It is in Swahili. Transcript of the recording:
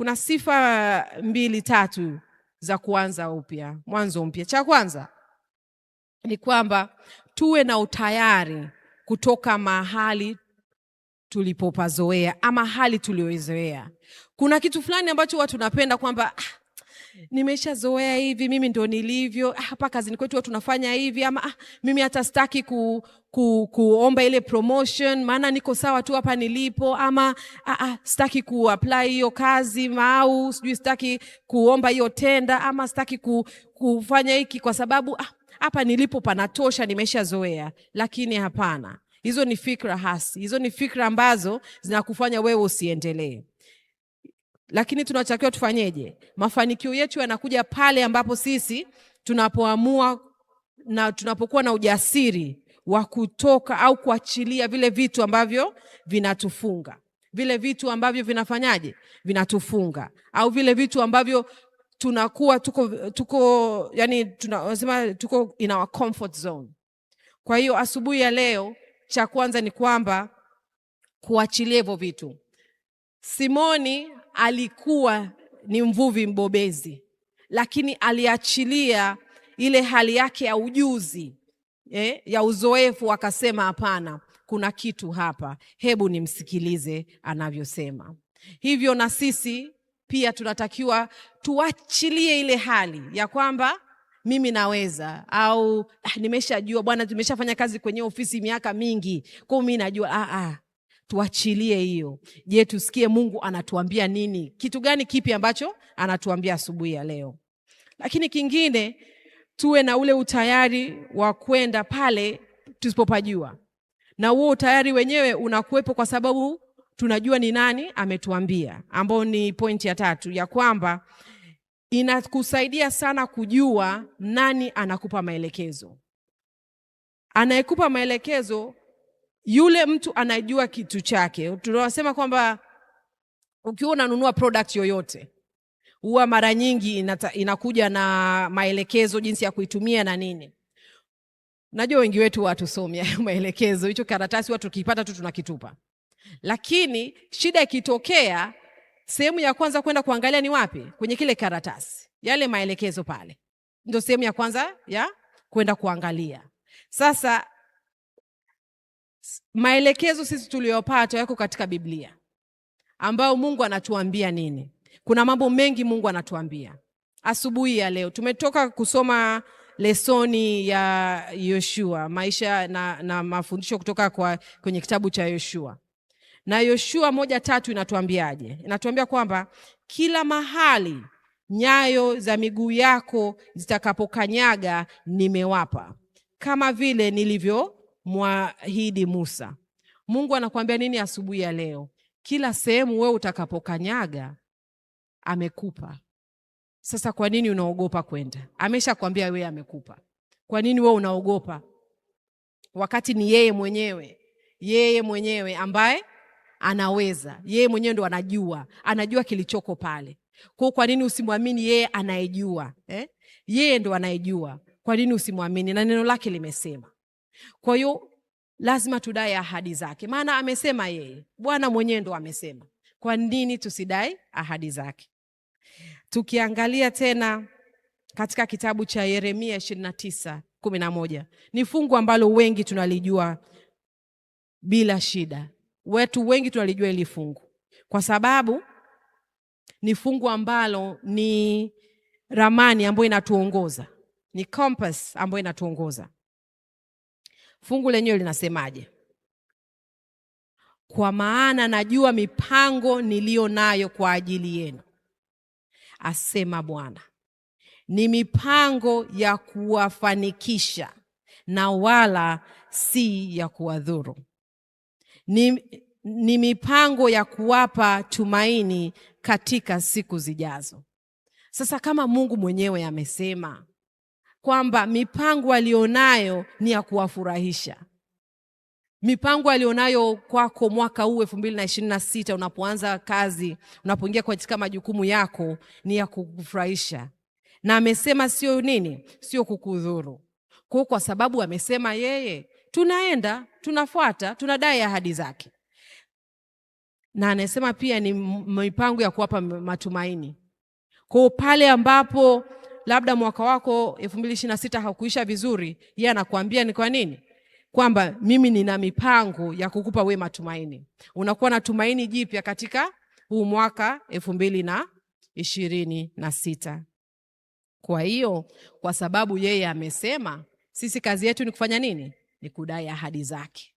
kuna sifa mbili tatu za kuanza upya, mwanzo mpya. Cha kwanza ni kwamba tuwe na utayari kutoka mahali tulipopazoea ama hali tuliyoizoea Kuna kitu fulani ambacho watu tunapenda kwamba ah, nimeshazoea hivi, mimi ndo nilivyo. Ah, hapa kazini kwetu huwa tunafanya hivi, ama ah, mimi hata sitaki ku, ku, kuomba ile promotion, maana niko sawa tu hapa nilipo, ama ah, ah, sitaki kuapply hiyo kazi mau sijui sitaki kuomba hiyo tenda, ama sitaki ku, kufanya hiki kwa sababu ah, hapa nilipo panatosha, nimeshazoea. Lakini hapana, hizo ni fikra hasi, hizo ni fikra ambazo zinakufanya wewe usiendelee lakini tunatakiwa tufanyeje? Mafanikio yetu yanakuja pale ambapo sisi tunapoamua na tunapokuwa na ujasiri wa kutoka au kuachilia vile vitu ambavyo vinatufunga, vile vitu ambavyo vinafanyaje, vinatufunga, au vile vitu ambavyo tunakuwa tuko tuko, yani tunasema tuko in our comfort zone. Kwa hiyo asubuhi ya leo, cha kwanza ni kwamba kuachilia hivyo vitu. Simoni alikuwa ni mvuvi mbobezi, lakini aliachilia ile hali yake ya ujuzi eh, ya uzoefu, akasema hapana, kuna kitu hapa, hebu nimsikilize anavyosema. Hivyo na sisi pia tunatakiwa tuachilie ile hali ya kwamba mimi naweza au ah, nimeshajua bwana, tumeshafanya kazi kwenye ofisi miaka mingi, kwa mi mimi najua ah, ah tuachilie hiyo. Je, tusikie Mungu anatuambia nini? Kitu gani kipi ambacho anatuambia asubuhi ya leo? Lakini kingine, tuwe na ule utayari wa kwenda pale tusipopajua, na huo utayari wenyewe unakuwepo kwa sababu tunajua ni nani ametuambia, ambao ni pointi ya tatu ya kwamba inakusaidia sana kujua nani anakupa maelekezo. Anayekupa maelekezo yule mtu anajua kitu chake. Tunawasema kwamba ukiwa unanunua product yoyote huwa mara nyingi inata, inakuja na maelekezo jinsi ya kuitumia na nini. Najua wengi wetu watusomi maelekezo, hicho karatasi watu tukipata tu tunakitupa, lakini shida ikitokea, sehemu ya kwanza kwenda kuangalia ni wapi? Kwenye kile karatasi, yale maelekezo pale, ndio sehemu ya kwanza ya kwenda kuangalia. Sasa maelekezo sisi tuliyopata yako katika Biblia ambayo Mungu anatuambia nini? Kuna mambo mengi Mungu anatuambia. Asubuhi ya leo tumetoka kusoma lesoni ya Yoshua, maisha na, na mafundisho kutoka kwa, kwenye kitabu cha Yoshua. Na Yoshua moja tatu inatuambiaje? Inatuambia kwamba kila mahali nyayo za miguu yako zitakapokanyaga nimewapa, kama vile nilivyo mwahidi Musa. Mungu anakuambia nini asubuhi ya leo? Kila sehemu wewe utakapokanyaga amekupa. Sasa kwa nini unaogopa kwenda? Ameshakwambia wewe amekupa. Kwa nini wewe unaogopa wakati ni yeye mwenyewe, yeye mwenyewe ambaye anaweza, yeye mwenyewe ndo anajua, anajua kilichoko pale. Kwa kwa nini usimwamini yeye anayejua eh? Yeye ndo anayejua, kwa nini usimwamini? Na neno lake limesema kwa hiyo lazima tudai ahadi zake, maana amesema yeye, Bwana mwenyewe ndo amesema. Kwa nini tusidai ahadi zake? Tukiangalia tena katika kitabu cha Yeremia ishirini na tisa kumi na moja ni fungu ambalo wengi tunalijua bila shida. wetu wengi tunalijua ili fungu kwa sababu ni fungu ambalo ni ramani ambayo inatuongoza, ni compass ambayo inatuongoza. Fungu lenyewe linasemaje? Kwa maana najua mipango niliyo nayo kwa ajili yenu, asema Bwana, ni mipango ya kuwafanikisha na wala si ya kuwadhuru, ni, ni mipango ya kuwapa tumaini katika siku zijazo. Sasa kama Mungu mwenyewe amesema kwamba mipango alionayo ni ya kuwafurahisha. Mipango alionayo kwako mwaka huu elfu mbili na ishirini na sita unapoanza kazi, unapoingia katika majukumu yako ni ya kukufurahisha, na amesema sio nini, sio kukudhuru. Kwa kwa sababu amesema yeye, tunaenda tunafuata, tunadai ahadi zake, na anasema pia ni mipango ya kuwapa matumaini. kwao pale ambapo labda mwaka wako 2026 haukuisha vizuri, yeye anakuambia ni kwa nini kwamba mimi nina mipango ya kukupa we matumaini. Unakuwa na tumaini jipya katika huu mwaka elfu mbili na ishirini na sita. Kwa hiyo kwa sababu yeye amesema, sisi kazi yetu ni kufanya nini? Ni kudai ahadi zake.